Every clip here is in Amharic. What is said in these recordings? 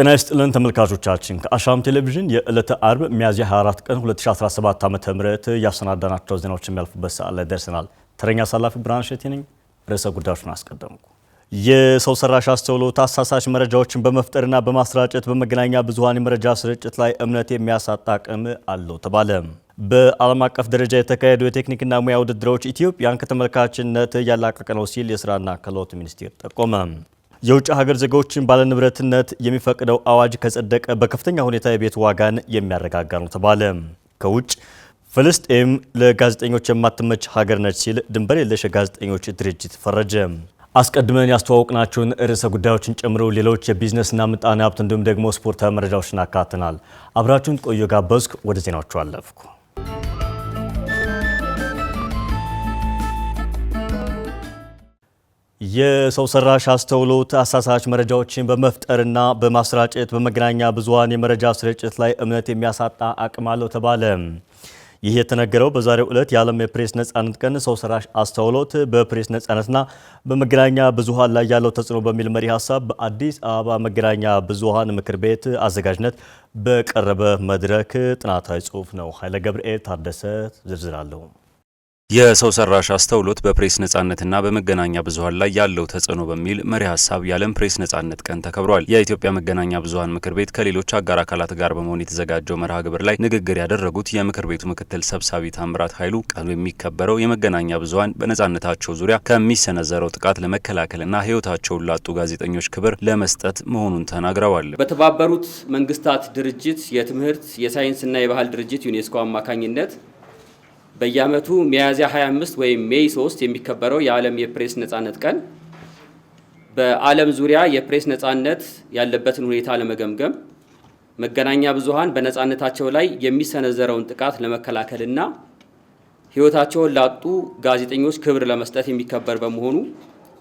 ጤና ይስጥልን ተመልካቾቻችን፣ ከአሻም ቴሌቪዥን የዕለተ አርብ ሚያዝያ 24 ቀን 2017 ዓ ም ያሰናዳናቸው ዜናዎች የሚያልፉበት ሰዓት ላይ ደርሰናል። ተረኛ አሳላፊ ብርሃን ሸቴ ነኝ። ርዕሰ ጉዳዮችን አስቀደምኩ። የሰው ሰራሽ አስተውሎት አሳሳች መረጃዎችን በመፍጠርና በማሰራጨት በመገናኛ ብዙኃን የመረጃ ስርጭት ላይ እምነት የሚያሳጣ አቅም አለው ተባለ። በዓለም አቀፍ ደረጃ የተካሄዱ የቴክኒክና ሙያ ውድድሮች ኢትዮጵያን ከተመልካችነት እያላቀቀ ነው ሲል የስራና ክህሎት ሚኒስቴር ጠቆመ። የውጭ ሀገር ዜጋዎችን ባለንብረትነት የሚፈቅደው አዋጅ ከጸደቀ በከፍተኛ ሁኔታ የቤት ዋጋን የሚያረጋጋ ነው ተባለ። ከውጭ ፍልስጤም ለጋዜጠኞች የማትመች ሀገር ነች ሲል ድንበር የለሽ የጋዜጠኞች ድርጅት ፈረጀ። አስቀድመን ያስተዋወቅናቸውን ርዕሰ ጉዳዮችን ጨምሮ ሌሎች የቢዝነስና ምጣኔ ሀብት እንዲሁም ደግሞ ስፖርታዊ መረጃዎችን አካትናል። አብራችሁን ቆዩ ጋበዝኩ። ወደ ዜናዎቹ አለፍኩ። የሰው ሰራሽ አስተውሎት አሳሳች መረጃዎችን በመፍጠርና በማሰራጨት በመገናኛ ብዙሃን የመረጃ ስርጭት ላይ እምነት የሚያሳጣ አቅም አለው ተባለ። ይህ የተነገረው በዛሬው ዕለት የዓለም የፕሬስ ነጻነት ቀን ሰው ሰራሽ አስተውሎት በፕሬስ ነጻነትና በመገናኛ ብዙሃን ላይ ያለው ተጽዕኖ በሚል መሪ ሀሳብ በአዲስ አበባ መገናኛ ብዙሃን ምክር ቤት አዘጋጅነት በቀረበ መድረክ ጥናታዊ ጽሑፍ ነው። ኃይለ ገብርኤል ታደሰ ዝርዝር አለው። የሰው ሰራሽ አስተውሎት በፕሬስ ነጻነትና በመገናኛ ብዙሀን ላይ ያለው ተጽዕኖ በሚል መሪ ሀሳብ የዓለም ፕሬስ ነጻነት ቀን ተከብሯል። የኢትዮጵያ መገናኛ ብዙኃን ምክር ቤት ከሌሎች አጋር አካላት ጋር በመሆን የተዘጋጀው መርሃ ግብር ላይ ንግግር ያደረጉት የምክር ቤቱ ምክትል ሰብሳቢ ታምራት ኃይሉ ቀኑ የሚከበረው የመገናኛ ብዙሀን በነጻነታቸው ዙሪያ ከሚሰነዘረው ጥቃት ለመከላከልና ህይወታቸውን ላጡ ጋዜጠኞች ክብር ለመስጠት መሆኑን ተናግረዋል። በተባበሩት መንግስታት ድርጅት የትምህርት የሳይንስና የባህል ድርጅት ዩኔስኮ አማካኝነት በየዓመቱ ሚያዝያ 25 ወይም ሜይ 3 የሚከበረው የዓለም የፕሬስ ነጻነት ቀን በዓለም ዙሪያ የፕሬስ ነጻነት ያለበትን ሁኔታ ለመገምገም መገናኛ ብዙሃን በነጻነታቸው ላይ የሚሰነዘረውን ጥቃት ለመከላከልና ሕይወታቸውን ላጡ ጋዜጠኞች ክብር ለመስጠት የሚከበር በመሆኑ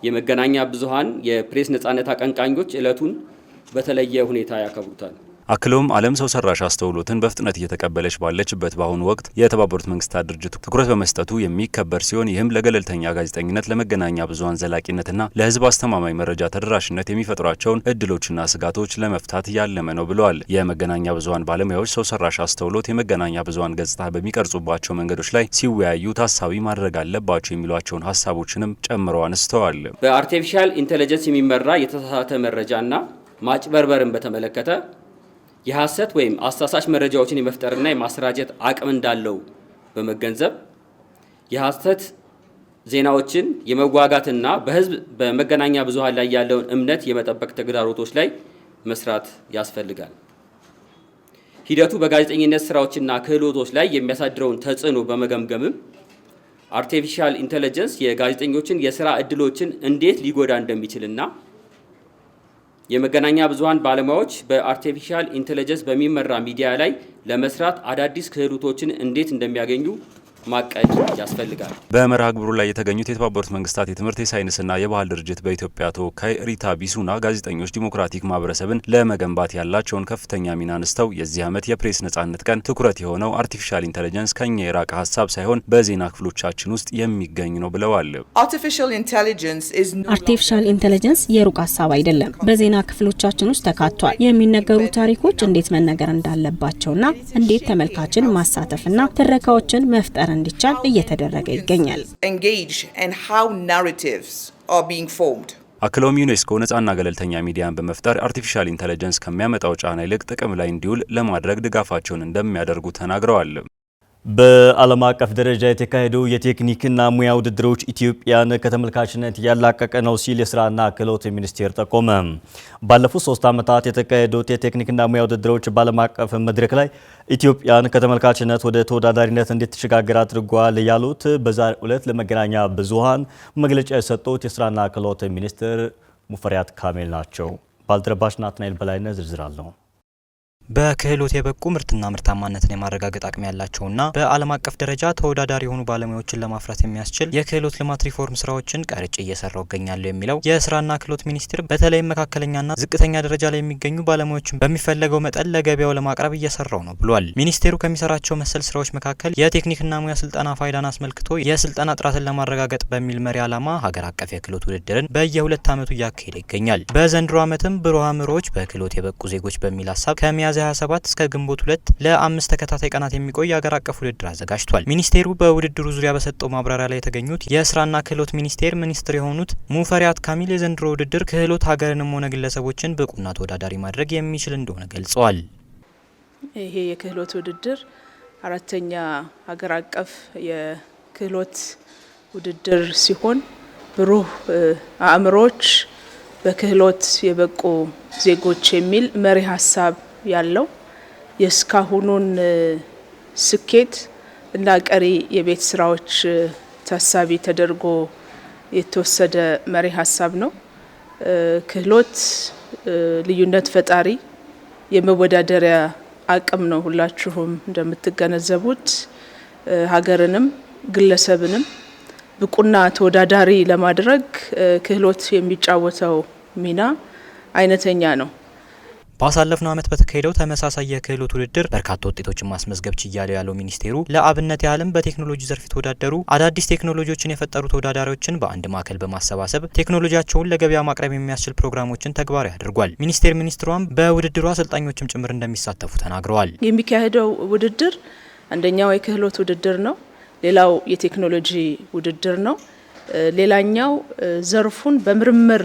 የመገናኛ ብዙሃን የፕሬስ ነጻነት አቀንቃኞች ዕለቱን በተለየ ሁኔታ ያከብሩታል። አክለውም ዓለም ሰው ሰራሽ አስተውሎትን በፍጥነት እየተቀበለች ባለችበት በአሁኑ ወቅት የተባበሩት መንግስታት ድርጅት ትኩረት በመስጠቱ የሚከበር ሲሆን ይህም ለገለልተኛ ጋዜጠኝነት፣ ለመገናኛ ብዙሀን ዘላቂነትና ለህዝብ አስተማማኝ መረጃ ተደራሽነት የሚፈጥሯቸውን እድሎችና ስጋቶች ለመፍታት ያለመ ነው ብለዋል። የመገናኛ ብዙሀን ባለሙያዎች ሰው ሰራሽ አስተውሎት የመገናኛ ብዙሀን ገጽታ በሚቀርጹባቸው መንገዶች ላይ ሲወያዩ ታሳቢ ማድረግ አለባቸው የሚሏቸውን ሀሳቦችንም ጨምረው አነስተዋል። በአርቲፊሻል ኢንቴሊጀንስ የሚመራ የተሳሳተ መረጃና ማጭበርበርን በተመለከተ የሐሰት ወይም አሳሳች መረጃዎችን የመፍጠርና የማሰራጨት አቅም እንዳለው በመገንዘብ የሐሰት ዜናዎችን የመዋጋትና በህዝብ በመገናኛ ብዙሃን ላይ ያለውን እምነት የመጠበቅ ተግዳሮቶች ላይ መስራት ያስፈልጋል። ሂደቱ በጋዜጠኝነት ስራዎችና ክህሎቶች ላይ የሚያሳድረውን ተጽዕኖ በመገምገምም አርቲፊሻል ኢንተለጀንስ የጋዜጠኞችን የስራ እድሎችን እንዴት ሊጎዳ እንደሚችልና የመገናኛ ብዙሃን ባለሙያዎች በአርቲፊሻል ኢንቴሊጀንስ በሚመራ ሚዲያ ላይ ለመስራት አዳዲስ ክህሎቶችን እንዴት እንደሚያገኙ ማቀድ ያስፈልጋል። በመርሃ ግብሩ ላይ የተገኙት የተባበሩት መንግስታት የትምህርት የሳይንስና የባህል ድርጅት በኢትዮጵያ ተወካይ ሪታ ቢሱና ጋዜጠኞች ዲሞክራቲክ ማህበረሰብን ለመገንባት ያላቸውን ከፍተኛ ሚና አንስተው የዚህ ዓመት የፕሬስ ነጻነት ቀን ትኩረት የሆነው አርቲፊሻል ኢንቴሊጀንስ ከኛ የራቀ ሀሳብ ሳይሆን በዜና ክፍሎቻችን ውስጥ የሚገኝ ነው ብለዋል። አርቲፊሻል ኢንቴሊጀንስ የሩቅ ሀሳብ አይደለም፣ በዜና ክፍሎቻችን ውስጥ ተካቷል። የሚነገሩ ታሪኮች እንዴት መነገር እንዳለባቸውና እንዴት ተመልካችን ማሳተፍና ትረካዎችን መፍጠር እንዲቻል እየተደረገ ይገኛል። አክለውም ዩኔስኮ ነጻና ገለልተኛ ሚዲያን በመፍጠር አርቲፊሻል ኢንተለጀንስ ከሚያመጣው ጫና ይልቅ ጥቅም ላይ እንዲውል ለማድረግ ድጋፋቸውን እንደሚያደርጉ ተናግረዋል። በዓለም አቀፍ ደረጃ የተካሄደው የቴክኒክና ሙያ ውድድሮች ኢትዮጵያን ከተመልካችነት ያላቀቀ ነው ሲል የስራና ክህሎት ሚኒስቴር ጠቆመ። ባለፉት ሶስት ዓመታት የተካሄዱት የቴክኒክና ሙያ ውድድሮች በዓለም አቀፍ መድረክ ላይ ኢትዮጵያን ከተመልካችነት ወደ ተወዳዳሪነት እንድትሸጋገር አድርጓል ያሉት በዛሬው ዕለት ለመገናኛ ብዙሃን መግለጫ የሰጡት የስራና ክህሎት ሚኒስትር ሙፈሪያት ካሜል ናቸው። ባልደረባችን ናትናኤል በላይነት ዝርዝር አለው። በክህሎት የበቁ ምርትና ምርታማነትን የማረጋገጥ አቅም ያላቸውና በዓለም አቀፍ ደረጃ ተወዳዳሪ የሆኑ ባለሙያዎችን ለማፍራት የሚያስችል የክህሎት ልማት ሪፎርም ስራዎችን ቀርጭ እየሰራው እገኛለሁ የሚለው የስራና ክህሎት ሚኒስቴር በተለይም መካከለኛና ዝቅተኛ ደረጃ ላይ የሚገኙ ባለሙያዎችን በሚፈለገው መጠን ለገበያው ለማቅረብ እየሰራው ነው ብሏል። ሚኒስቴሩ ከሚሰራቸው መሰል ስራዎች መካከል የቴክኒክና ሙያ ስልጠና ፋይዳን አስመልክቶ የስልጠና ጥራትን ለማረጋገጥ በሚል መሪ ዓላማ ሀገር አቀፍ የክህሎት ውድድርን በየሁለት ዓመቱ እያካሄደ ይገኛል። በዘንድሮ ዓመትም ብሩህ አእምሮዎች በክህሎት የበቁ ዜጎች በሚል ሀሳብ ከሚያዝ ከሚያዝያ 27 እስከ ግንቦት ሁለት ለአምስት ተከታታይ ቀናት የሚቆይ የሀገር አቀፍ ውድድር አዘጋጅቷል። ሚኒስቴሩ በውድድሩ ዙሪያ በሰጠው ማብራሪያ ላይ የተገኙት የስራና ክህሎት ሚኒስቴር ሚኒስትር የሆኑት ሙፈሪያት ካሚል የዘንድሮ ውድድር ክህሎት ሀገርንም ሆነ ግለሰቦችን ብቁና ተወዳዳሪ ማድረግ የሚችል እንደሆነ ገልጸዋል። ይሄ የክህሎት ውድድር አራተኛ ሀገር አቀፍ የክህሎት ውድድር ሲሆን ብሩህ አእምሮች በክህሎት የበቁ ዜጎች የሚል መሪ ሀሳብ ያለው የእስካሁኑን ስኬት እና ቀሪ የቤት ስራዎች ታሳቢ ተደርጎ የተወሰደ መሪ ሀሳብ ነው። ክህሎት ልዩነት ፈጣሪ የመወዳደሪያ አቅም ነው። ሁላችሁም እንደምትገነዘቡት ሀገርንም ግለሰብንም ብቁና ተወዳዳሪ ለማድረግ ክህሎት የሚጫወተው ሚና አይነተኛ ነው። ባሳለፍነው ዓመት በተካሄደው ተመሳሳይ የክህሎት ውድድር በርካታ ውጤቶችን ማስመዝገብ ችያለሁ ያለው ሚኒስቴሩ ለአብነት ያህልም በቴክኖሎጂ ዘርፍ የተወዳደሩ አዳዲስ ቴክኖሎጂዎችን የፈጠሩ ተወዳዳሪዎችን በአንድ ማዕከል በማሰባሰብ ቴክኖሎጂያቸውን ለገበያ ማቅረብ የሚያስችል ፕሮግራሞችን ተግባራዊ አድርጓል። ሚኒስቴር ሚኒስትሯም በውድድሩ አሰልጣኞችም ጭምር እንደሚሳተፉ ተናግረዋል። የሚካሄደው ውድድር አንደኛው የክህሎት ውድድር ነው። ሌላው የቴክኖሎጂ ውድድር ነው። ሌላኛው ዘርፉን በምርምር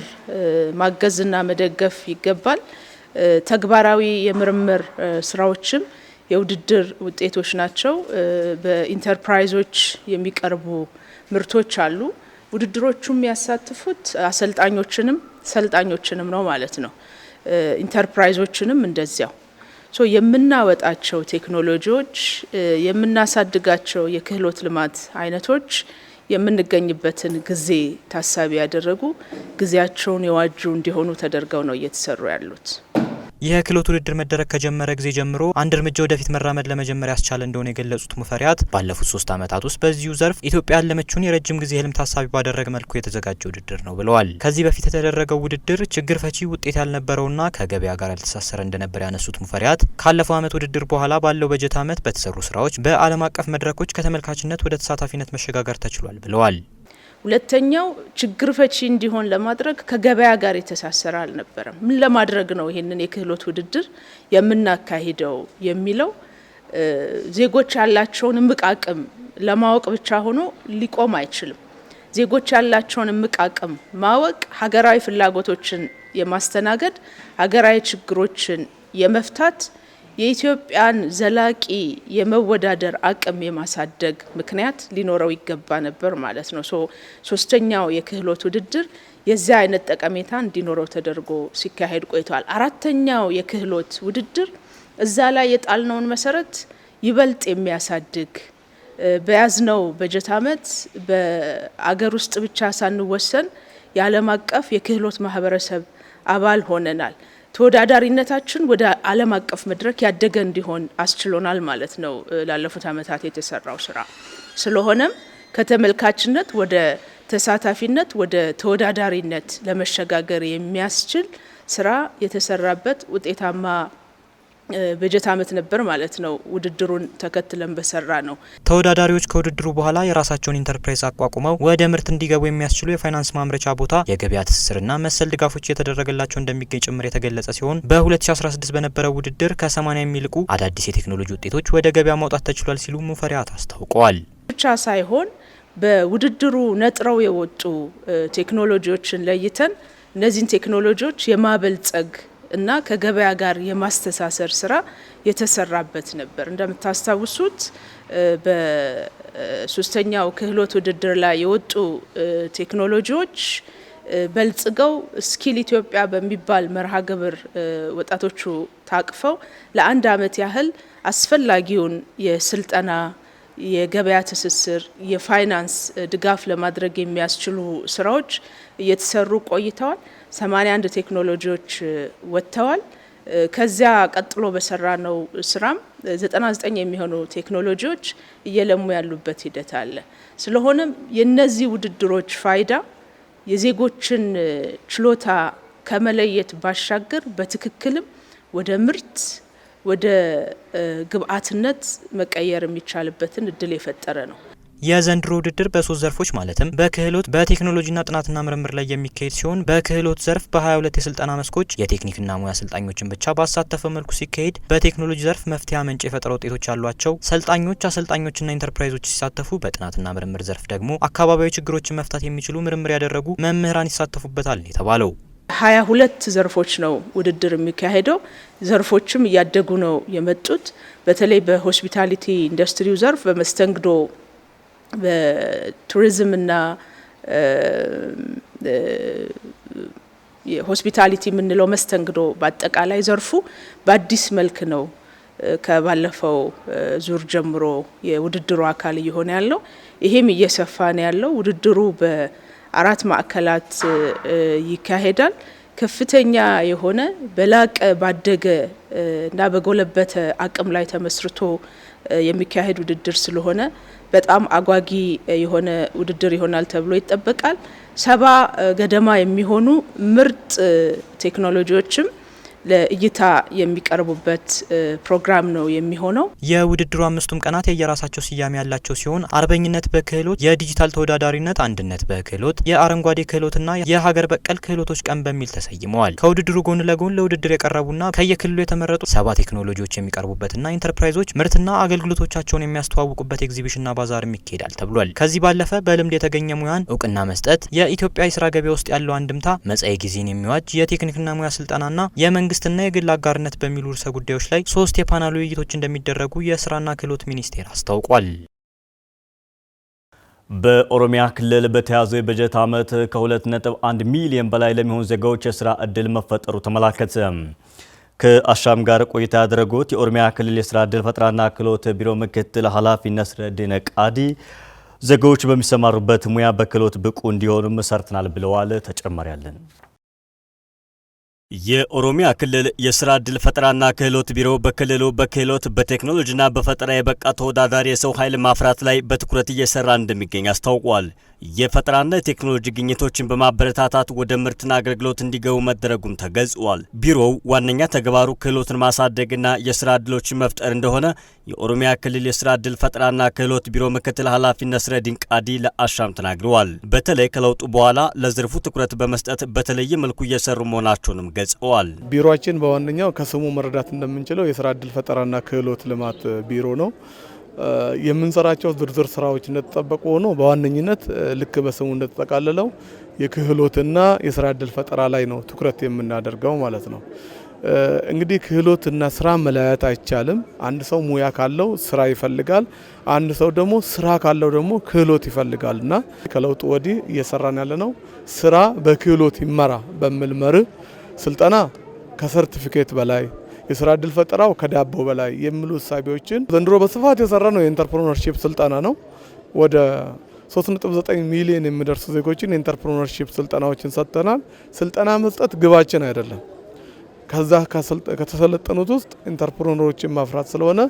ማገዝና መደገፍ ይገባል። ተግባራዊ የምርምር ስራዎችም የውድድር ውጤቶች ናቸው። በኢንተርፕራይዞች የሚቀርቡ ምርቶች አሉ። ውድድሮቹ የሚያሳትፉት አሰልጣኞችንም ሰልጣኞችንም ነው ማለት ነው። ኢንተርፕራይዞችንም እንደዚያው ሶ የምናወጣቸው ቴክኖሎጂዎች የምናሳድጋቸው የክህሎት ልማት አይነቶች የምንገኝበትን ጊዜ ታሳቢ ያደረጉ ጊዜያቸውን የዋጁ እንዲሆኑ ተደርገው ነው እየተሰሩ ያሉት። ይህ ክሎት ውድድር መደረግ ከጀመረ ጊዜ ጀምሮ አንድ እርምጃ ወደፊት መራመድ ለመጀመር ያስቻለ እንደሆነ የገለጹት ሙፈሪያት ባለፉት ሶስት ዓመታት ውስጥ በዚሁ ዘርፍ ኢትዮጵያ ያለመችውን የረጅም ጊዜ ህልም ታሳቢ ባደረገ መልኩ የተዘጋጀ ውድድር ነው ብለዋል። ከዚህ በፊት የተደረገው ውድድር ችግር ፈቺ ውጤት ያልነበረውና ከገበያ ጋር ያልተሳሰረ እንደነበር ያነሱት ሙፈሪያት ካለፈው ዓመት ውድድር በኋላ ባለው በጀት ዓመት በተሰሩ ስራዎች በዓለም አቀፍ መድረኮች ከተመልካችነት ወደ ተሳታፊነት መሸጋገር ተችሏል ብለዋል። ሁለተኛው ችግር ፈቺ እንዲሆን ለማድረግ ከገበያ ጋር የተሳሰረ አልነበረም። ምን ለማድረግ ነው ይህንን የክህሎት ውድድር የምናካሂደው የሚለው ዜጎች ያላቸውን እምቅ አቅም ለማወቅ ብቻ ሆኖ ሊቆም አይችልም። ዜጎች ያላቸውን እምቅ አቅም ማወቅ ሀገራዊ ፍላጎቶችን የማስተናገድ ሀገራዊ ችግሮችን የመፍታት የኢትዮጵያን ዘላቂ የመወዳደር አቅም የማሳደግ ምክንያት ሊኖረው ይገባ ነበር ማለት ነው። ሶስተኛው የክህሎት ውድድር የዚያ አይነት ጠቀሜታ እንዲኖረው ተደርጎ ሲካሄድ ቆይተዋል። አራተኛው የክህሎት ውድድር እዛ ላይ የጣልነውን መሰረት ይበልጥ የሚያሳድግ በያዝነው በጀት ዓመት በአገር ውስጥ ብቻ ሳንወሰን የዓለም አቀፍ የክህሎት ማህበረሰብ አባል ሆነናል። ተወዳዳሪነታችን ወደ ዓለም አቀፍ መድረክ ያደገ እንዲሆን አስችሎናል ማለት ነው ላለፉት ዓመታት የተሰራው ስራ። ስለሆነም ከተመልካችነት ወደ ተሳታፊነት ወደ ተወዳዳሪነት ለመሸጋገር የሚያስችል ስራ የተሰራበት ውጤታማ በጀት ዓመት ነበር ማለት ነው። ውድድሩን ተከትለን በሰራ ነው። ተወዳዳሪዎች ከውድድሩ በኋላ የራሳቸውን ኢንተርፕራይዝ አቋቁመው ወደ ምርት እንዲገቡ የሚያስችሉ የፋይናንስ ማምረቻ ቦታ፣ የገበያ ትስስርና መሰል ድጋፎች እየተደረገላቸው እንደሚገኝ ጭምር የተገለጸ ሲሆን በ2016 በነበረው ውድድር ከ80 የሚልቁ አዳዲስ የቴክኖሎጂ ውጤቶች ወደ ገበያ ማውጣት ተችሏል ሲሉ ሙፈሪያት አስታውቀዋል። ብቻ ሳይሆን በውድድሩ ነጥረው የወጡ ቴክኖሎጂዎችን ለይተን እነዚህን ቴክኖሎጂዎች የማበልጸግ እና ከገበያ ጋር የማስተሳሰር ስራ የተሰራበት ነበር። እንደምታስታውሱት በሶስተኛው ክህሎት ውድድር ላይ የወጡ ቴክኖሎጂዎች በልጽገው ስኪል ኢትዮጵያ በሚባል መርሃ ግብር ወጣቶቹ ታቅፈው ለአንድ ዓመት ያህል አስፈላጊውን የስልጠና የገበያ ትስስር፣ የፋይናንስ ድጋፍ ለማድረግ የሚያስችሉ ስራዎች እየተሰሩ ቆይተዋል። 81 ቴክኖሎጂዎች ወጥተዋል። ከዚያ ቀጥሎ በሰራ ነው ስራም 99 የሚሆኑ ቴክኖሎጂዎች እየለሙ ያሉበት ሂደት አለ። ስለሆነም የነዚህ ውድድሮች ፋይዳ የዜጎችን ችሎታ ከመለየት ባሻገር በትክክልም ወደ ምርት ወደ ግብአትነት መቀየር የሚቻልበትን እድል የፈጠረ ነው። የዘንድሮ ውድድር በሶስት ዘርፎች ማለትም በክህሎት በቴክኖሎጂና ጥናትና ምርምር ላይ የሚካሄድ ሲሆን በክህሎት ዘርፍ በ22 የስልጠና መስኮች የቴክኒክና ሙያ አሰልጣኞችን ብቻ ባሳተፈ መልኩ ሲካሄድ በቴክኖሎጂ ዘርፍ መፍትሄ አመንጭ የፈጠረ ውጤቶች ያሏቸው ሰልጣኞች አሰልጣኞችና ኢንተርፕራይዞች ሲሳተፉ በጥናትና ምርምር ዘርፍ ደግሞ አካባቢያዊ ችግሮችን መፍታት የሚችሉ ምርምር ያደረጉ መምህራን ይሳተፉበታል የተባለው። ሀያ ሁለት ዘርፎች ነው ውድድር የሚካሄደው። ዘርፎችም እያደጉ ነው የመጡት። በተለይ በሆስፒታሊቲ ኢንዱስትሪው ዘርፍ በመስተንግዶ በቱሪዝምና ሆስፒታሊቲ የምንለው መስተንግዶ በአጠቃላይ ዘርፉ በአዲስ መልክ ነው ከባለፈው ዙር ጀምሮ የውድድሩ አካል እየሆነ ያለው። ይሄም እየሰፋ ነው ያለው። ውድድሩ በአራት ማዕከላት ይካሄዳል። ከፍተኛ የሆነ በላቀ ባደገ እና በጎለበተ አቅም ላይ ተመስርቶ የሚካሄድ ውድድር ስለሆነ በጣም አጓጊ የሆነ ውድድር ይሆናል ተብሎ ይጠበቃል። ሰባ ገደማ የሚሆኑ ምርጥ ቴክኖሎጂዎችም ለእይታ የሚቀርቡበት ፕሮግራም ነው የሚሆነው። የውድድሩ አምስቱም ቀናት የየራሳቸው ስያሜ ያላቸው ሲሆን አርበኝነት በክህሎት፣ የዲጂታል ተወዳዳሪነት፣ አንድነት በክህሎት፣ የአረንጓዴ ክህሎትና የሀገር በቀል ክህሎቶች ቀን በሚል ተሰይመዋል። ከውድድሩ ጎን ለጎን ለውድድር የቀረቡና ከየክልሉ የተመረጡ ሰባ ቴክኖሎጂዎች የሚቀርቡበትና ኢንተርፕራይዞች ምርትና አገልግሎቶቻቸውን የሚያስተዋውቁበት ኤግዚቢሽንና ባዛርም ይካሄዳል ተብሏል። ከዚህ ባለፈ በልምድ የተገኘ ሙያን እውቅና መስጠት፣ የኢትዮጵያ የስራ ገበያ ውስጥ ያለው አንድምታ፣ መጻኤ ጊዜን የሚዋጅ የቴክኒክና ሙያ ስልጠናና የመንግስት መንግስትና የግል አጋርነት በሚሉ ርዕሰ ጉዳዮች ላይ ሶስት የፓናል ውይይቶች እንደሚደረጉ የስራና ክህሎት ሚኒስቴር አስታውቋል። በኦሮሚያ ክልል በተያዘው የበጀት ዓመት ከ2.1 ሚሊዮን በላይ ለሚሆኑ ዜጋዎች የስራ እድል መፈጠሩ ተመላከተ። ከአሻም ጋር ቆይታ ያደረጉት የኦሮሚያ ክልል የስራ እድል ፈጠራና ክህሎት ቢሮ ምክትል ኃላፊ ነስረዲን ቃዲ ዜጋዎች በሚሰማሩበት ሙያ በክህሎት ብቁ እንዲሆኑም ሰርተናል ብለዋል። ተጨማሪ ያለን የኦሮሚያ ክልል የስራ ዕድል ፈጠራና ክህሎት ቢሮ በክልሉ በክህሎት በቴክኖሎጂና በፈጠራ የበቃ ተወዳዳሪ የሰው ኃይል ማፍራት ላይ በትኩረት እየሰራ እንደሚገኝ አስታውቋል። የፈጠራና የቴክኖሎጂ ግኝቶችን በማበረታታት ወደ ምርትና አገልግሎት እንዲገቡ መደረጉም ተገልጿል። ቢሮው ዋነኛ ተግባሩ ክህሎትን ማሳደግና የስራ እድሎችን መፍጠር እንደሆነ የኦሮሚያ ክልል የስራ እድል ፈጠራና ክህሎት ቢሮ ምክትል ኃላፊ ነስረዲን ቃዲ ለአሻም ተናግረዋል። በተለይ ከለውጡ በኋላ ለዘርፉ ትኩረት በመስጠት በተለየ መልኩ እየሰሩ መሆናቸውንም ገልጸዋል። ቢሮችን በዋነኛው ከስሙ መረዳት እንደምንችለው የስራ እድል ፈጠራና ክህሎት ልማት ቢሮ ነው። የምንሰራቸው ዝርዝር ስራዎች እንደተጠበቁ ሆኖ በዋነኝነት ልክ በስሙ እንደተጠቃለለው የክህሎትና የስራ እድል ፈጠራ ላይ ነው ትኩረት የምናደርገው ማለት ነው። እንግዲህ ክህሎትና ስራ መለያየት አይቻልም። አንድ ሰው ሙያ ካለው ስራ ይፈልጋል፣ አንድ ሰው ደግሞ ስራ ካለው ደግሞ ክህሎት ይፈልጋል እና ከለውጡ ወዲህ እየሰራን ያለ ነው ስራ በክህሎት ይመራ በሚል መርህ ስልጠና ከሰርቲፊኬት በላይ የስራ እድል ፈጠራው ከዳቦ በላይ የሚሉ እሳቤዎችን ዘንድሮ በስፋት የሰራ ነው። የኢንተርፕሮነርሽፕ ስልጠና ነው። ወደ 3.9 ሚሊዮን የሚደርሱ ዜጎችን የኢንተርፕሪነርሺፕ ስልጠናዎችን ሰጥተናል። ስልጠና መስጠት ግባችን አይደለም። ከዛ ከተሰለጠኑት ውስጥ ኢንተርፕረነሮችን ማፍራት ስለሆነ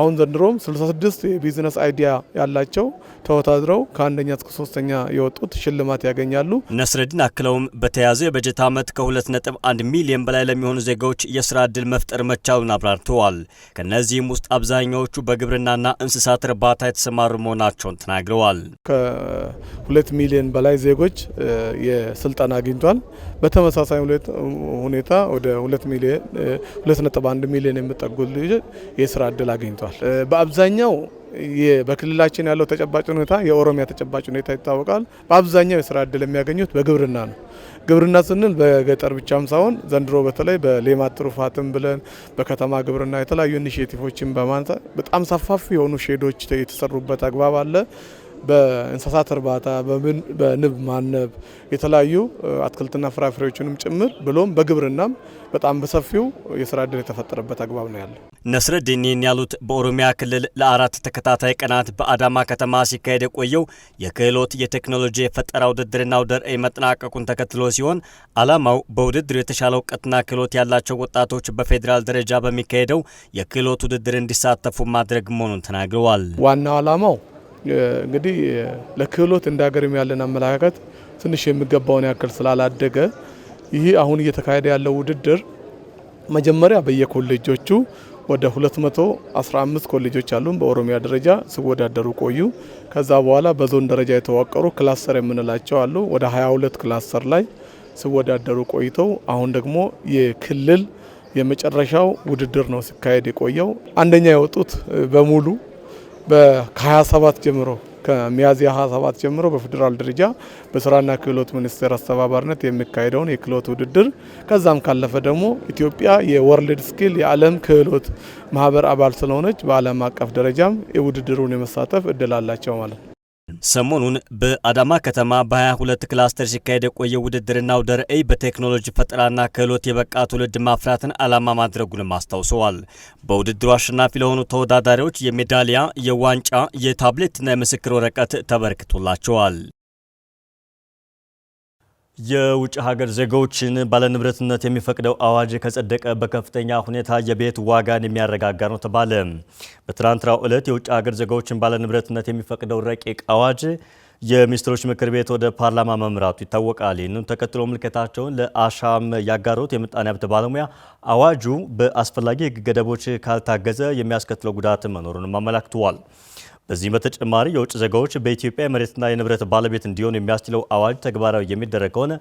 አሁን ዘንድሮም 66 የቢዝነስ አይዲያ ያላቸው ተወታድረው ከአንደኛ እስከ ሶስተኛ የወጡት ሽልማት ያገኛሉ። ነስረዲን አክለውም በተያዘው የበጀት ዓመት ከ2.1 ሚሊዮን በላይ ለሚሆኑ ዜጋዎች የስራ ዕድል መፍጠር መቻሉን አብራርተዋል። ከእነዚህም ውስጥ አብዛኛዎቹ በግብርናና እንስሳት እርባታ የተሰማሩ መሆናቸውን ተናግረዋል። ከ2 ሚሊዮን በላይ ዜጎች የስልጠና አግኝቷል። በተመሳሳይ ሁኔታ ወደ ሚሊዮን 2.1 ሚሊዮን የሚጠጉ የስራ እድል አግኝቷል። በአብዛኛው በክልላችን ያለው ተጨባጭ ሁኔታ የኦሮሚያ ተጨባጭ ሁኔታ ይታወቃል። በአብዛኛው የስራ እድል የሚያገኙት በግብርና ነው። ግብርና ስንል በገጠር ብቻም ሳይሆን ዘንድሮ በተለይ በሌማት ትሩፋትም ብለን በከተማ ግብርና የተለያዩ ኢኒሽቲቮችን በማንሳት በጣም ሰፋፊ የሆኑ ሼዶች የተሰሩበት አግባብ አለ። በእንስሳት እርባታ፣ በንብ ማነብ፣ የተለያዩ አትክልትና ፍራፍሬዎችንም ጭምር ብሎም በግብርናም በጣም በሰፊው የስራ እድል የተፈጠረበት አግባብ ነው ያለው። ነስረዲን ይህን ያሉት በኦሮሚያ ክልል ለአራት ተከታታይ ቀናት በአዳማ ከተማ ሲካሄድ የቆየው የክህሎት የቴክኖሎጂ የፈጠራ ውድድርና አውደ ርዕይ መጠናቀቁን ተከትሎ ሲሆን ዓላማው በውድድሩ የተሻለ እውቀትና ክህሎት ያላቸው ወጣቶች በፌዴራል ደረጃ በሚካሄደው የክህሎት ውድድር እንዲሳተፉ ማድረግ መሆኑን ተናግረዋል። ዋናው ዓላማው እንግዲህ ለክህሎት እንደ ሀገርም ያለን አመለካከት ትንሽ የሚገባውን ያክል ስላላደገ ይህ አሁን እየተካሄደ ያለው ውድድር መጀመሪያ በየኮሌጆቹ ወደ 215 ኮሌጆች አሉ በኦሮሚያ ደረጃ ሲወዳደሩ ቆዩ። ከዛ በኋላ በዞን ደረጃ የተዋቀሩ ክላስተር የምንላቸው አሉ። ወደ 22 ክላስተር ላይ ሲወዳደሩ ቆይተው አሁን ደግሞ የክልል የመጨረሻው ውድድር ነው ሲካሄድ የቆየው። አንደኛ የወጡት በሙሉ ከ27 ጀምሮ ከሚያዝያ 27 ጀምሮ በፌዴራል ደረጃ በስራና ክህሎት ሚኒስቴር አስተባባሪነት የሚካሄደውን የክህሎት ውድድር ከዛም ካለፈ ደግሞ ኢትዮጵያ የወርልድ ስኪል የዓለም ክህሎት ማህበር አባል ስለሆነች በዓለም አቀፍ ደረጃም የውድድሩን የመሳተፍ እድል አላቸው ማለት ነው። ሰሞኑን በአዳማ ከተማ በ22 ክላስተር ሲካሄድ የቆየ ውድድርና አውደ ርዕይ በቴክኖሎጂ ፈጠራና ክህሎት የበቃ ትውልድ ማፍራትን ዓላማ ማድረጉንም አስታውሰዋል። በውድድሩ አሸናፊ ለሆኑ ተወዳዳሪዎች የሜዳሊያ፣ የዋንጫ፣ የታብሌትና የምስክር ወረቀት ተበርክቶላቸዋል። የውጭ ሀገር ዜጎችን ባለንብረትነት የሚፈቅደው አዋጅ ከጸደቀ በከፍተኛ ሁኔታ የቤት ዋጋን የሚያረጋጋ ነው ተባለ። በትናንትናው ዕለት የውጭ ሀገር ዜጎችን ባለንብረትነት የሚፈቅደው ረቂቅ አዋጅ የሚኒስትሮች ምክር ቤት ወደ ፓርላማ መምራቱ ይታወቃል። ይህንን ተከትሎ ምልከታቸውን ለአሻም ያጋሩት የምጣኔ ሀብት ባለሙያ አዋጁ በአስፈላጊ ሕግ ገደቦች ካልታገዘ የሚያስከትለው ጉዳት መኖሩንም አመላክተዋል። በዚህም በተጨማሪ የውጭ ዜጋዎች በኢትዮጵያ የመሬትና የንብረት ባለቤት እንዲሆን የሚያስችለው አዋጅ ተግባራዊ የሚደረግ ከሆነ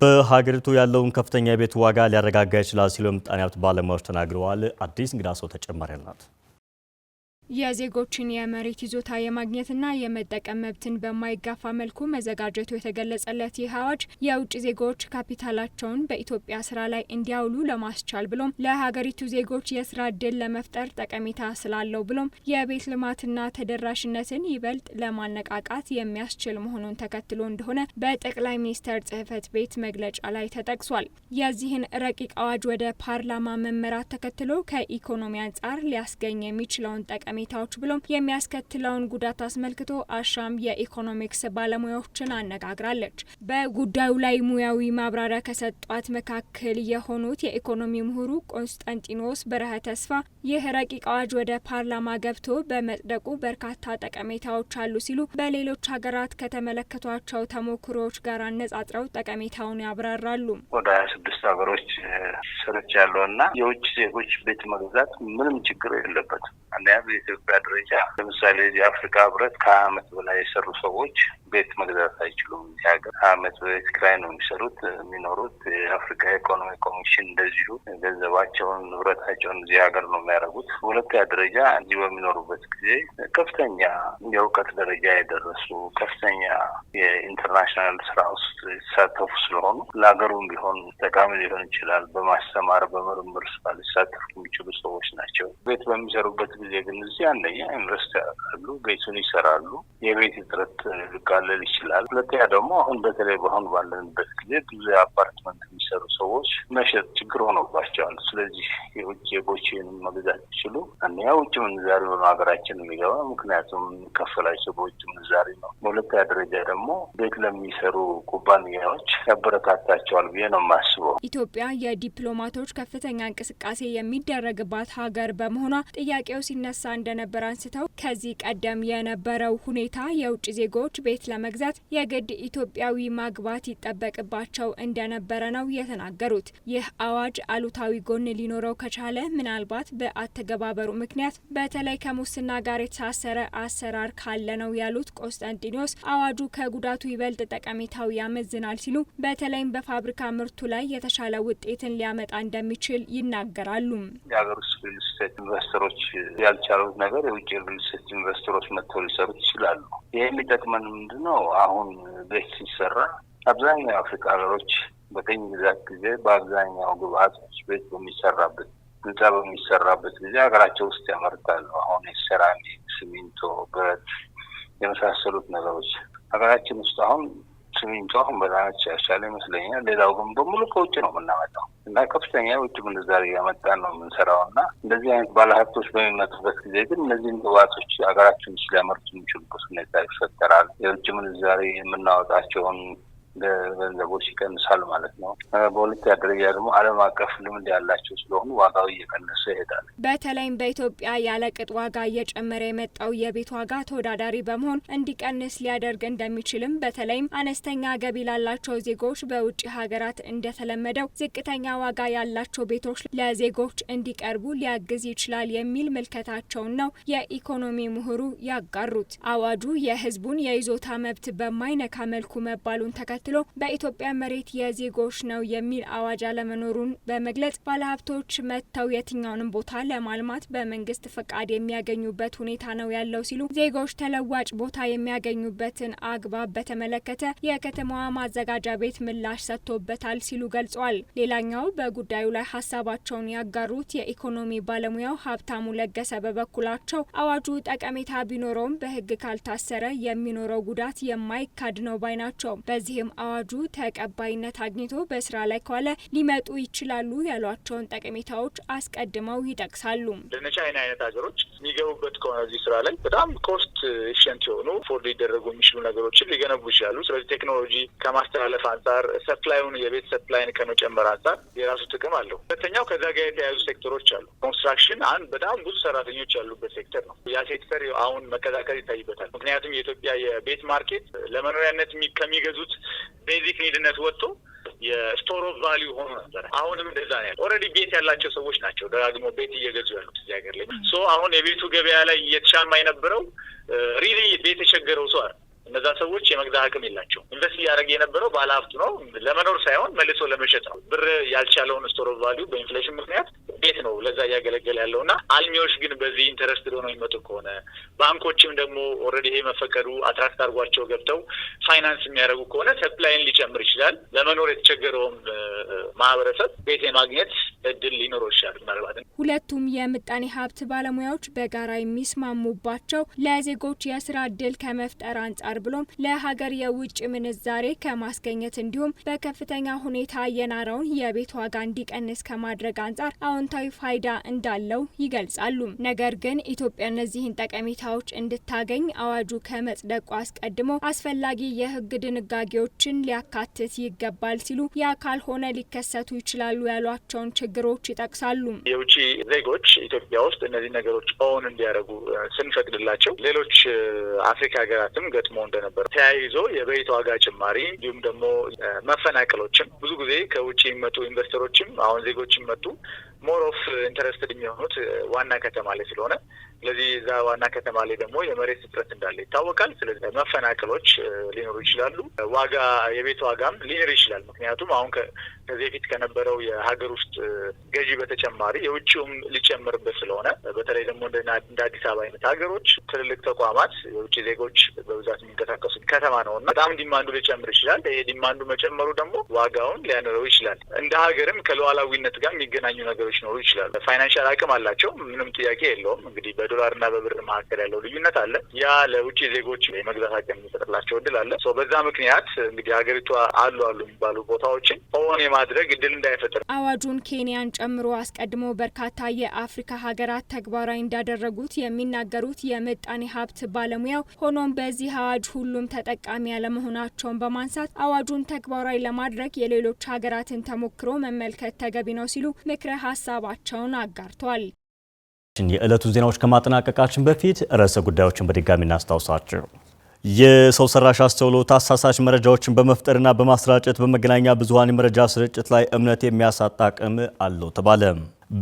በሀገሪቱ ያለውን ከፍተኛ የቤት ዋጋ ሊያረጋጋ ይችላል ሲሉ የምጣኔ ሀብት ባለሙያዎች ተናግረዋል። አዲስ እንግዳ ሰው ተጨማሪ ያልናት የዜጎችን የመሬት ይዞታ የማግኘትና የመጠቀም መብትን በማይጋፋ መልኩ መዘጋጀቱ የተገለጸለት ይህ አዋጅ የውጭ ዜጎች ካፒታላቸውን በኢትዮጵያ ስራ ላይ እንዲያውሉ ለማስቻል ብሎም ለሀገሪቱ ዜጎች የስራ እድል ለመፍጠር ጠቀሜታ ስላለው ብሎም የቤት ልማትና ተደራሽነትን ይበልጥ ለማነቃቃት የሚያስችል መሆኑን ተከትሎ እንደሆነ በጠቅላይ ሚኒስተር ጽህፈት ቤት መግለጫ ላይ ተጠቅሷል። የዚህን ረቂቅ አዋጅ ወደ ፓርላማ መመራት ተከትሎ ከኢኮኖሚ አንጻር ሊያስገኝ የሚችለውን ጠቀሜ ጠቀሜታዎች ብሎም የሚያስከትለውን ጉዳት አስመልክቶ አሻም የኢኮኖሚክስ ባለሙያዎችን አነጋግራለች። በጉዳዩ ላይ ሙያዊ ማብራሪያ ከሰጧት መካከል የሆኑት የኢኮኖሚ ምሁሩ ቆንስጠንጢኖስ በረሀ ተስፋ ይህ ረቂቅ አዋጅ ወደ ፓርላማ ገብቶ በመጽደቁ በርካታ ጠቀሜታዎች አሉ ሲሉ በሌሎች ሀገራት ከተመለከቷቸው ተሞክሮዎች ጋር አነጻጽረው ጠቀሜታውን ያብራራሉ። ወደ ሀያ ስድስት ሀገሮች ስርች ያለው እና የውጭ ዜጎች ቤት መግዛት ምንም ችግር የለበትም። አንደኛ ቤት በኢትዮጵያ ደረጃ ለምሳሌ የአፍሪካ ህብረት ከሀያ አመት በላይ የሰሩ ሰዎች ቤት መግዛት አይችሉም። እዚህ ሀገር ሀያ አመት በቤት ኪራይ ነው የሚሰሩት የሚኖሩት። የአፍሪካ ኢኮኖሚ ኮሚሽን እንደዚሁ ገንዘባቸውን ንብረታቸውን እዚህ ሀገር ነው የሚያደርጉት። በሁለተኛ ደረጃ እዚህ በሚኖሩበት ጊዜ ከፍተኛ የእውቀት ደረጃ የደረሱ ከፍተኛ የኢንተርናሽናል ስራ ውስጥ የተሳተፉ ስለሆኑ ለሀገሩም ቢሆን ጠቃሚ ሊሆን ይችላል። በማስተማር በምርምር ስራ ሊሳተፉ የሚችሉ ሰዎች ናቸው። ቤት በሚሰሩበት ጊዜ ግን አንደኛ ኢንቨስት ያደርጋሉ፣ ቤቱን ይሰራሉ። የቤት እጥረት ሊቃለል ይችላል። ሁለተኛ ደግሞ አሁን በተለይ በአሁን ባለንበት ጊዜ ብዙ የአፓርትመንት የሚሰሩ ሰዎች መሸጥ ችግር ሆኖባቸዋል። ስለዚህ የውጭ የቦቼንም መግዛት ይችሉ አንደኛ ውጭ ምንዛሪ ሆኖ ሀገራችን የሚገባ ምክንያቱም የሚከፈላቸው በውጭ ምንዛሪ ነው። በሁለተኛ ደረጃ ደግሞ ቤት ለሚሰሩ ኩባንያዎች ያበረታታቸዋል ብዬ ነው የማስበው። ኢትዮጵያ የዲፕሎማቶች ከፍተኛ እንቅስቃሴ የሚደረግባት ሀገር በመሆኗ ጥያቄው ሲነሳ እንደነበር አንስተው ከዚህ ቀደም የነበረው ሁኔታ የውጭ ዜጎች ቤት ለመግዛት የግድ ኢትዮጵያዊ ማግባት ይጠበቅባቸው እንደነበረ ነው የተናገሩት። ይህ አዋጅ አሉታዊ ጎን ሊኖረው ከቻለ ምናልባት በአተገባበሩ ምክንያት በተለይ ከሙስና ጋር የተሳሰረ አሰራር ካለ ነው ያሉት ቆስጠንጢኖስ አዋጁ ከጉዳቱ ይበልጥ ጠቀሜታው ያመዝናል ሲሉ በተለይም በፋብሪካ ምርቱ ላይ የተሻለ ውጤትን ሊያመጣ እንደሚችል ይናገራሉ። የሀገር ውስጥ ኢንቨስተሮች የሚሰሩት ነገር የውጭ የግል ኢንቨስተሮች መጥተው ሊሰሩት ይችላሉ። ይህ የሚጠቅመን ምንድነው? አሁን ቤት ሲሰራ አብዛኛው የአፍሪካ ሀገሮች በቀኝ ግዛት ጊዜ በአብዛኛው ግብአቶች ቤት በሚሰራበት ህንጻ በሚሰራበት ጊዜ ሀገራቸው ውስጥ ያመርታሉ። አሁን የሴራሚክ፣ ሲሚንቶ፣ ብረት የመሳሰሉት ነገሮች ሀገራችን ውስጥ አሁን ሲሚንቶ አሁን በጣም ያሻለ ይመስለኛል። ሌላው ግን በሙሉ ከውጭ ነው የምናመጣው እና ከፍተኛ የውጭ ምንዛሪ እያመጣን ነው የምንሰራው እና እንደዚህ አይነት ባለሀብቶች በሚመጡበት ጊዜ ግን እነዚህን ግብዓቶች ሀገራችን ሊያመርቱ የሚችሉበት ሁኔታ ይፈጠራል። የውጭ ምንዛሪ የምናወጣቸውን ገንዘቦች ይቀንሳል ማለት ነው። በሁለተኛ ደረጃ ደግሞ ዓለም አቀፍ ልምድ ያላቸው ስለሆኑ ዋጋው እየቀነሰ ይሄዳል። በተለይም በኢትዮጵያ ያለቅጥ ዋጋ እየጨመረ የመጣው የቤት ዋጋ ተወዳዳሪ በመሆን እንዲቀንስ ሊያደርግ እንደሚችልም በተለይም አነስተኛ ገቢ ላላቸው ዜጎች በውጭ ሀገራት እንደተለመደው ዝቅተኛ ዋጋ ያላቸው ቤቶች ለዜጎች እንዲቀርቡ ሊያግዝ ይችላል የሚል ምልከታቸውን ነው የኢኮኖሚ ምሁሩ ያጋሩት። አዋጁ የህዝቡን የይዞታ መብት በማይነካ መልኩ መባሉን ተከ ተከትሎ በኢትዮጵያ መሬት የዜጎች ነው የሚል አዋጅ አለመኖሩን በመግለጽ ባለሀብቶች መጥተው የትኛውንም ቦታ ለማልማት በመንግስት ፈቃድ የሚያገኙበት ሁኔታ ነው ያለው ሲሉ ዜጎች ተለዋጭ ቦታ የሚያገኙበትን አግባብ በተመለከተ የከተማዋ ማዘጋጃ ቤት ምላሽ ሰጥቶበታል ሲሉ ገልጿል። ሌላኛው በጉዳዩ ላይ ሀሳባቸውን ያጋሩት የኢኮኖሚ ባለሙያው ሀብታሙ ለገሰ በበኩላቸው አዋጁ ጠቀሜታ ቢኖረውም በህግ ካልታሰረ የሚኖረው ጉዳት የማይካድ ነው ባይ ናቸው። በዚህም አዋጁ ተቀባይነት አግኝቶ በስራ ላይ ከዋለ ሊመጡ ይችላሉ ያሏቸውን ጠቀሜታዎች አስቀድመው ይጠቅሳሉ። እንደነ ቻይና አይነት ሀገሮች የሚገቡበት ከሆነ እዚህ ስራ ላይ በጣም ኮስት ኤፊሽንት የሆኑ ፎርድ ሊደረጉ የሚችሉ ነገሮችን ሊገነቡ ይችላሉ። ስለዚህ ቴክኖሎጂ ከማስተላለፍ አንጻር ሰፕላዩን የቤት ሰፕላይን ከመጨመር አንጻር የራሱ ጥቅም አለው። ሁለተኛው ከዛ ጋር የተያያዙ ሴክተሮች አሉ። ኮንስትራክሽን አንድ በጣም ብዙ ሰራተኞች ያሉበት ሴክተር ነው። ያ ሴክተር አሁን መቀዛቀዝ ይታይበታል። ምክንያቱም የኢትዮጵያ የቤት ማርኬት ለመኖሪያነት ከሚገዙት ቤዚክ ኒድነት ወጥቶ የስቶር ኦፍ ቫሊዩ ሆኖ ነበረ። አሁንም እንደዛ ነው ያለው። ኦልሬዲ ቤት ያላቸው ሰዎች ናቸው ደጋግሞ ቤት እየገዙ ያሉት እዚህ ሀገር ላይ ሶ አሁን የቤቱ ገበያ ላይ እየተሻማ የነበረው ሪሊ ቤት የቸገረው ሰው እነዛ ሰዎች የመግዛ አቅም የላቸው። ኢንቨስት እያደረገ የነበረው ባለሀብቱ ነው፣ ለመኖር ሳይሆን መልሶ ለመሸጥ ነው። ብር ያልቻለውን ስቶር ቫሊዩ በኢንፍሌሽን ምክንያት ቤት ነው ለዛ እያገለገለ ያለው እና አልሚዎች ግን በዚህ ኢንተረስት ሆነው የሚመጡ ከሆነ ባንኮችም ደግሞ ኦልሬዲ ይሄ መፈቀዱ አትራክት አድርጓቸው ገብተው ፋይናንስ የሚያደርጉ ከሆነ ሰፕላይን ሊጨምር ይችላል። ለመኖር የተቸገረውም ማህበረሰብ ቤት የማግኘት እድል ሊኖረው ይችላል። ምናልባት ሁለቱም የምጣኔ ሀብት ባለሙያዎች በጋራ የሚስማሙባቸው ለዜጎች የስራ እድል ከመፍጠር አንጻር ብሎም ለሀገር የውጭ ምንዛሬ ከማስገኘት እንዲሁም በከፍተኛ ሁኔታ የናረውን የቤት ዋጋ እንዲቀንስ ከማድረግ አንጻር አዎንታዊ ፋይዳ እንዳለው ይገልጻሉ። ነገር ግን ኢትዮጵያ እነዚህን ጠቀሜታዎች እንድታገኝ አዋጁ ከመጽደቁ አስቀድሞ አስፈላጊ የህግ ድንጋጌዎችን ሊያካትት ይገባል ሲሉ ያ ካልሆነ ሊከሰቱ ይችላሉ ያሏቸውን ችግሮች ይጠቅሳሉ። የውጭ ዜጎች ኢትዮጵያ ውስጥ እነዚህ ነገሮች ኦውን እንዲያደርጉ ስንፈቅድላቸው ሌሎች አፍሪካ ሀገራትም ገጥሞ እንደነበር ተያይዞ የቤት ዋጋ ጭማሪ እንዲሁም ደግሞ መፈናቀሎችም ብዙ ጊዜ ከውጭ የሚመጡ ኢንቨስተሮችም አሁን ዜጎችም መጡ ሞር ኦፍ ኢንተረስትድ የሚሆኑት ዋና ከተማ ላይ ስለሆነ ስለዚህ እዛ ዋና ከተማ ላይ ደግሞ የመሬት እጥረት እንዳለ ይታወቃል። ስለዚህ መፈናቀሎች ሊኖሩ ይችላሉ። ዋጋ የቤት ዋጋም ሊኖር ይችላል። ምክንያቱም አሁን ከዚህ በፊት ከነበረው የሀገር ውስጥ ገዢ በተጨማሪ የውጭውም ሊጨምርበት ስለሆነ በተለይ ደግሞ እንደ አዲስ አበባ አይነት ሀገሮች ትልልቅ ተቋማት የውጭ ዜጎች በብዛት የሚንቀሳቀሱ ከተማ ነው እና በጣም ዲማንዱ ሊጨምር ይችላል። ይሄ ዲማንዱ መጨመሩ ደግሞ ዋጋውን ሊያኖረው ይችላል። እንደ ሀገርም ከሉዓላዊነት ጋር የሚገናኙ ነገሮች ሊኖሩ ይችላሉ። ፋይናንሻል አቅም አላቸው፣ ምንም ጥያቄ የለውም። እንግዲህ በዶላር እና በብር መካከል ያለው ልዩነት አለ። ያ ለውጭ ዜጎች የመግዛት አቅም የሚፈጥርላቸው እድል አለ። በዛ ምክንያት እንግዲህ ሀገሪቷ አሉ አሉ የሚባሉ ቦታዎችን ሆን የማድረግ እድል እንዳይፈጥር አዋጁን ኬንያን ጨምሮ አስቀድሞ በርካታ የአፍሪካ ሀገራት ተግባራዊ እንዳደረጉት የሚናገሩት የምጣኔ ሀብት ባለሙያው፣ ሆኖም በዚህ አዋጅ ሁሉም ተጠቃሚ ያለመሆናቸውን በማንሳት አዋጁን ተግባራዊ ለማድረግ የሌሎች ሀገራትን ተሞክሮ መመልከት ተገቢ ነው ሲሉ ምክረ ሀሳባቸውን አጋርተዋል። ተመልካቾቻችን የዕለቱን ዜናዎች ከማጠናቀቃችን በፊት ርዕሰ ጉዳዮችን በድጋሚ እናስታውሳችሁ። የሰው ሰራሽ አስተውሎት አሳሳች መረጃዎችን በመፍጠርና በማሰራጨት በመገናኛ ብዙኃን የመረጃ ስርጭት ላይ እምነት የሚያሳጣ አቅም አለው ተባለ።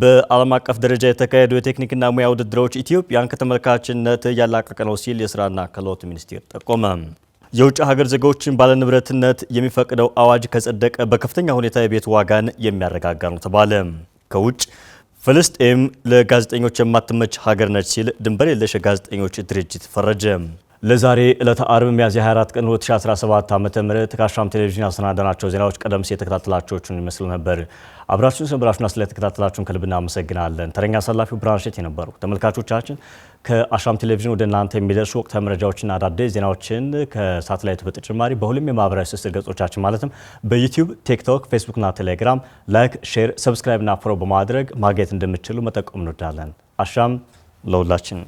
በዓለም አቀፍ ደረጃ የተካሄዱ የቴክኒክና ሙያ ውድድሮች ኢትዮጵያን ከተመልካችነት ያላቀቀ ነው ሲል የስራና ክህሎት ሚኒስቴር ጠቆመ። የውጭ ሀገር ዜጎችን ባለንብረትነት የሚፈቅደው አዋጅ ከጸደቀ በከፍተኛ ሁኔታ የቤት ዋጋን የሚያረጋጋ ነው ተባለ። ከውጭ ፍልስጤም ለጋዜጠኞች የማትመች ሀገር ነች ሲል ድንበር የለሽ የጋዜጠኞች ድርጅት ፈረጀ። ለዛሬ ዕለተ አርብ ሚያዝያ 24 ቀን 2017 ዓ ም ከአሻም ቴሌቪዥን ያሰናደናቸው ዜናዎች ቀደም ሲል የተከታተላችሁን ይመስሉ ነበር። አብራችሁን ስንብራችሁና ስለተከታተላችሁን ከልብ እናመሰግናለን። ተረኛ አሳላፊው ብራንሸት የነበሩ ተመልካቾቻችን ከአሻም ቴሌቪዥን ወደ እናንተ የሚደርሱ ወቅታዊ መረጃዎችና አዳዲስ ዜናዎችን ከሳተላይቱ በተጨማሪ በሁሉም የማህበራዊ ትስስር ገጾቻችን ማለትም በዩቲዩብ፣ ቲክቶክ፣ ፌስቡክና ቴሌግራም ላይክ፣ ሼር፣ ሰብስክራይብ እና ፎሎ በማድረግ ማግኘት እንደምትችሉ መጠቆም እንወዳለን። አሻም ለሁላችን!